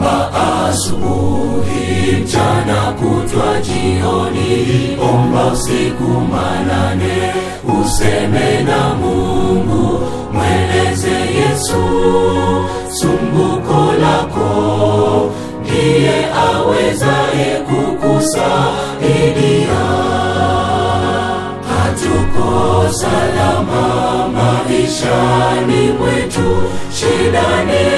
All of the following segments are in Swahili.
omba asubuhi, mchana kutwa, jioni, omba usiku manane, useme na Mungu, mweleze Yesu sumbuko lako, ndiye awezaye kukusaidia. Hatuko salama maishani mwetu, shidani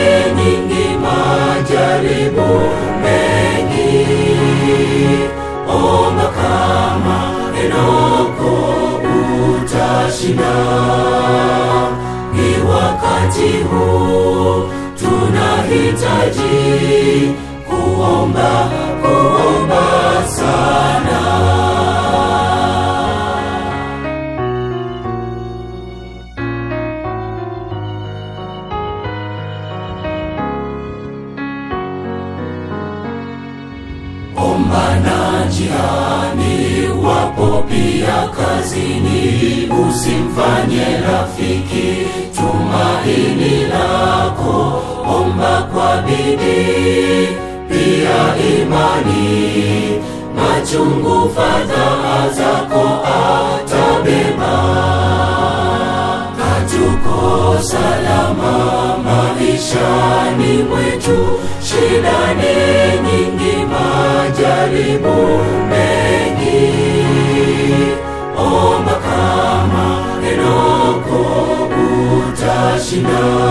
Maana njiani wapo pia kazini, usimfanye rafiki tumaini lako, omba kwa bidii pia imani, machungu fadhaa zako atabeba, hatuko salama maishani mwetu shidani majaribu mengi, omba kama Henoko utashinda.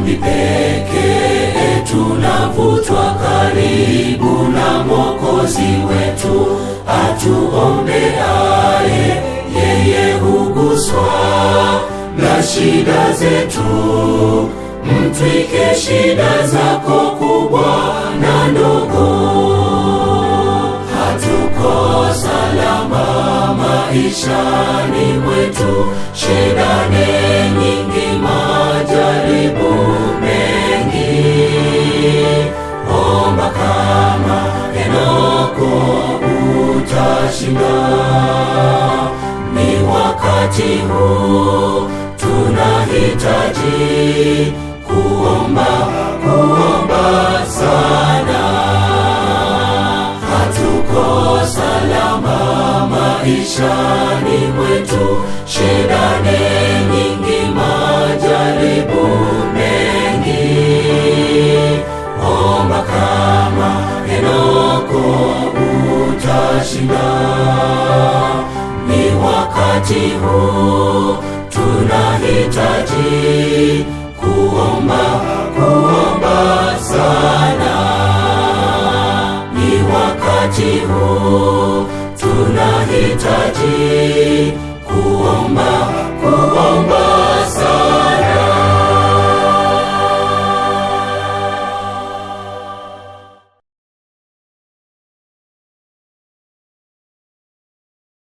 maombi pekee tunavutwa karibu na Mwokozi wetu atuombeaye, yeye huguswa na shida zetu. Mtwike shida zako kubwa na ndogo, hatuko salama maishani mwetu, shida ni wakati huu tunahitaji kuomba, kuomba sana. Hatuko salama maishani mwetu, shida wakati huu tunahitaji kuomba, kuomba sana. Ni wakati huu tunahitaji kuomba, kuomba